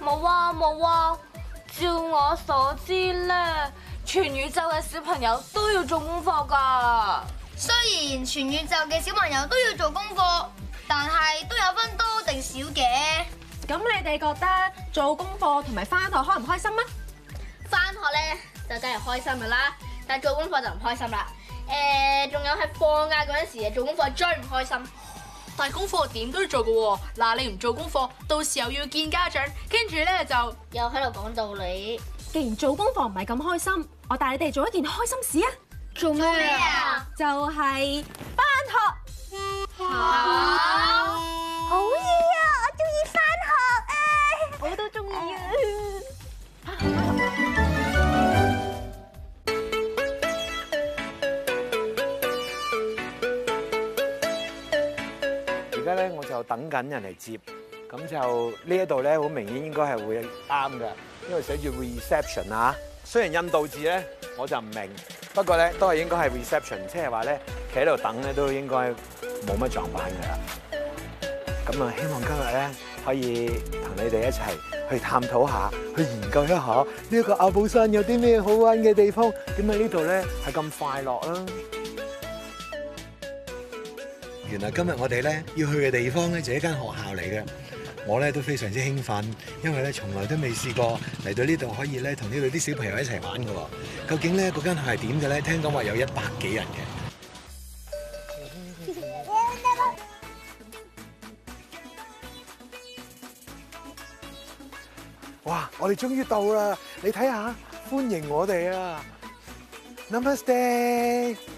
冇啊冇啊，照我所知咧，全宇宙嘅小朋友都要做功課噶。雖然全宇宙嘅小朋友都要做功課，但係都有分多定少嘅。咁你哋覺得做功課同埋翻學開唔開心啊？翻學咧就梗係開心噶啦，但係做功課就唔開心啦。誒，仲有喺放假嗰陣時做功課最唔開心。但係功課點都要做噶嗱，你唔做功課，到時候要見家長，跟住咧就又喺度講道理。既然做功課唔係咁開心，我帶你哋做一件開心事啊！做咩啊？就係、是、返學。啊、好。等緊人嚟接，咁就呢一度咧好明顯應該係會啱㗎，因為寫住 reception 啊。雖然印度字咧我就唔明，不過咧都係應該係 reception，即係話咧企喺度等咧都應該冇乜撞板㗎啦。咁啊，希望今日咧可以同你哋一齊去探討一下，去研究一下呢個亞布山有啲咩好玩嘅地方，點解呢度咧係咁快樂啦。原來今日我哋咧要去嘅地方咧，就一間學校嚟嘅。我咧都非常之興奮，因為咧從來都未試過嚟到呢度可以咧同呢度啲小朋友一齊玩㗎喎。究竟咧嗰間學校係點嘅咧？聽講話有一百幾人嘅。哇！我哋終於到啦！你睇下，歡迎我哋啊！Namaste。Namaste。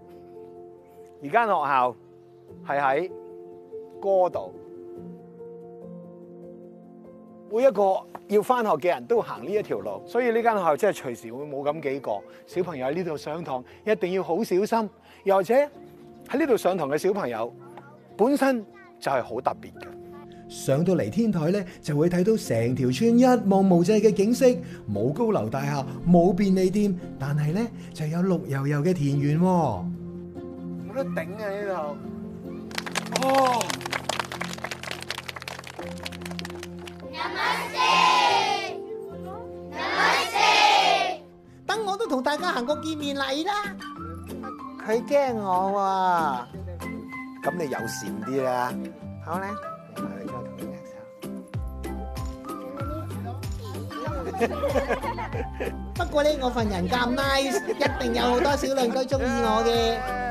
而間學校係喺嗰度，每一個要返學嘅人都行呢一條路，所以呢間學校真係隨時會冇咁幾個小朋友喺呢度上堂，一定要好小心。又或者喺呢度上堂嘅小朋友本身就係好特別嘅。上到嚟天台咧，就會睇到成條村一望無際嘅景色，冇高樓大廈，冇便利店，但係咧就有綠油油嘅田園喎，啊。冇得頂啊！呢度，哦，有冇事？有冇事？等我都同大家行個見面禮啦。佢驚我喎，咁你友善啲啦，好咧？不過咧，我份人咁 nice，一定有好多小鄰居中意我嘅。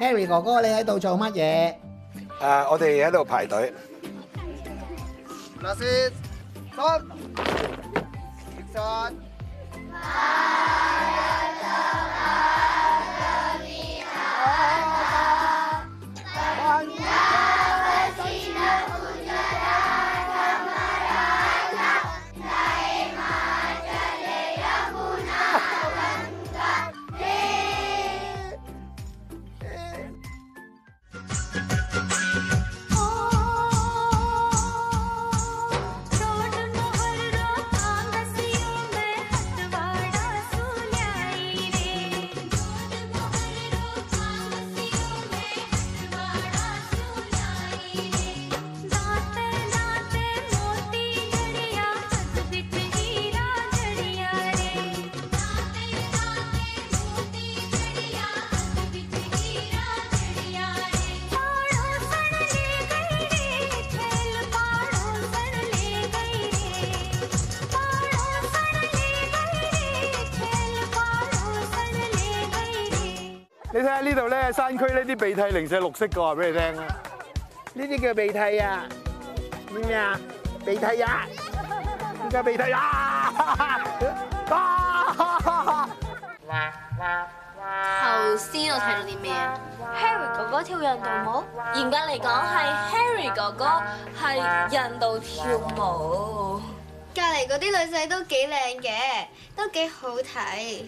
Harry 哥哥，你喺度做乜嘢？啊，我哋喺度排隊。睇下呢度咧，山區呢啲鼻涕零舍綠色嘅話俾你聽啊。呢啲叫鼻涕啊？咩啊？鼻涕啊！而家鼻涕呀？頭先我睇到啲咩啊？Harry 哥哥跳印度舞，嚴格嚟講係 Harry 哥哥喺印度跳舞。隔離嗰啲女仔都幾靚嘅，都幾好睇。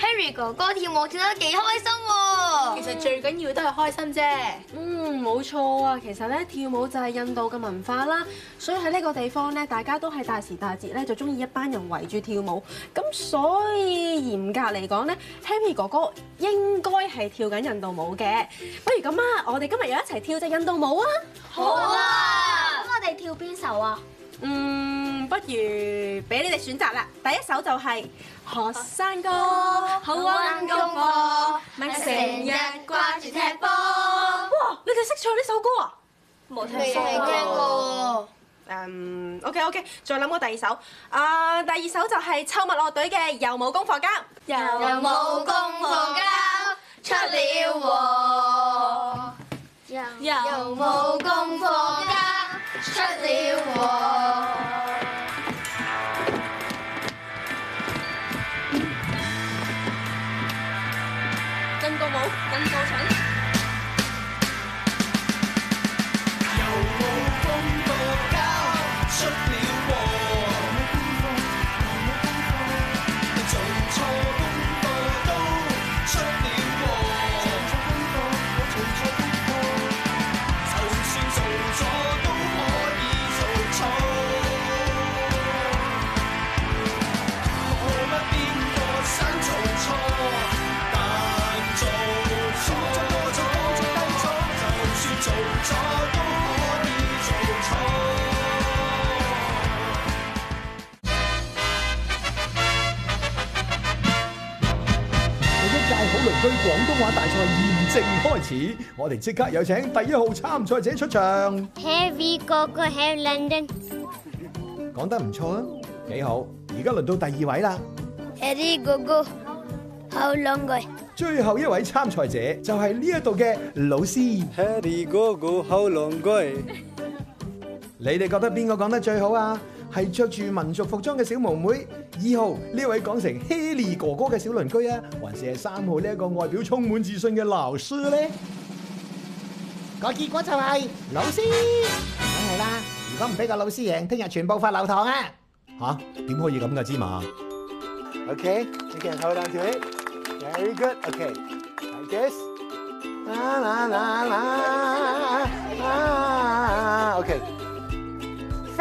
Harry 哥哥跳舞跳得幾開心喎！其實最緊要都係開心啫。嗯，冇錯啊。其實咧，跳舞就係印度嘅文化啦。所以喺呢個地方咧，大家都係大時大節咧就中意一班人圍住跳舞。咁所以嚴格嚟講咧，Harry 哥哥應該係跳緊印度舞嘅。不如咁啊，我哋今日又一齊跳隻印度舞啊！好啊。咁、啊、我哋跳邊首啊？嗯。不如俾你哋選擇啦，第一首就係《學生歌》，好溫功課，咪成日掛住踢波。哇！你哋識唱呢首歌啊？冇聽過。嗯，OK OK，再諗個第二首，啊，第二首就係秋蜜樂隊嘅《又冇功課膠》，又冇功課膠出了禍，又冇。好鄰居廣東話大賽現正開始，我哋即刻有請第一號參賽者出場講。Harry 哥哥，how long? 講得唔錯啊，幾好！而家輪到第二位啦。Harry 哥哥，how long? 最後一位參賽者就係呢一度嘅老師。Harry 哥哥，how long? 你哋覺得邊個講得最好啊？係着住民族服裝嘅小毛妹，二號呢位講成 Harry 哥哥嘅小鄰居啊，還是係三號呢一個外表充滿自信嘅老師咧？個結果就係老師，梗係啦！如果唔俾個老師贏，聽日全部罰留堂啊！吓，點可以咁㗎？芝麻。Okay，you can hold on to it。Very good。Okay。Like this。La la la la。Okay。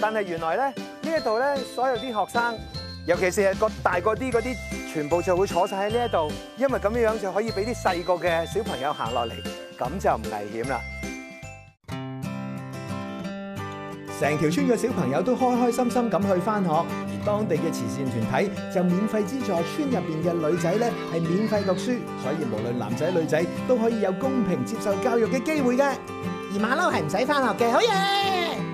但係原來咧，呢一度咧，所有啲學生，尤其是係個大個啲嗰啲，全部就會坐晒喺呢一度，因為咁樣樣就可以俾啲細個嘅小朋友行落嚟，咁就唔危險啦。成條村嘅小朋友都開開心心咁去翻學，而當地嘅慈善團體就免費資助村入邊嘅女仔咧係免費讀書，所以無論男仔女仔都可以有公平接受教育嘅機會嘅。而馬騮係唔使翻學嘅，好嘢！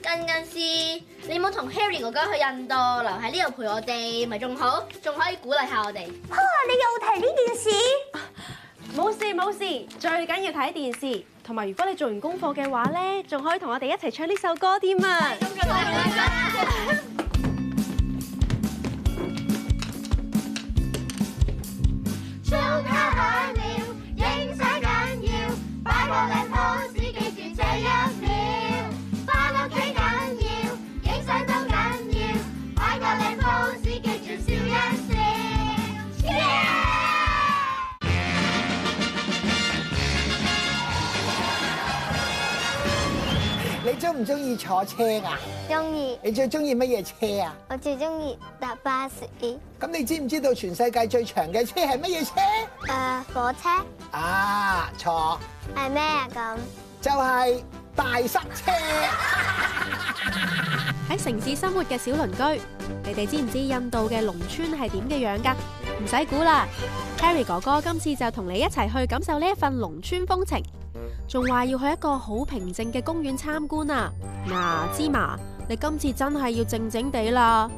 近近師你冇同 Harry 哥哥去印度，留喺呢度陪我哋，咪仲好，仲可以鼓勵下我哋。嚇！你又提呢件事？冇事冇事，最緊要睇電視，同埋如果你做完功課嘅話咧，仲可以同我哋一齊唱呢首歌添啊！謝謝唔中意坐車噶？中意。你最中意乜嘢車啊？我最中意搭巴士。咁你知唔知道全世界最長嘅車係乜嘢車？誒、呃，火車。啊，錯。係咩啊？咁就係、是、大塞車。喺 城市生活嘅小鄰居，你哋知唔知印度嘅農村係點嘅樣噶？唔使估啦，Harry 哥哥今次就同你一齊去感受呢一份農村風情。仲話要去一個好平靜嘅公園參觀啊！嗱，芝麻，你今次真係要靜靜地啦。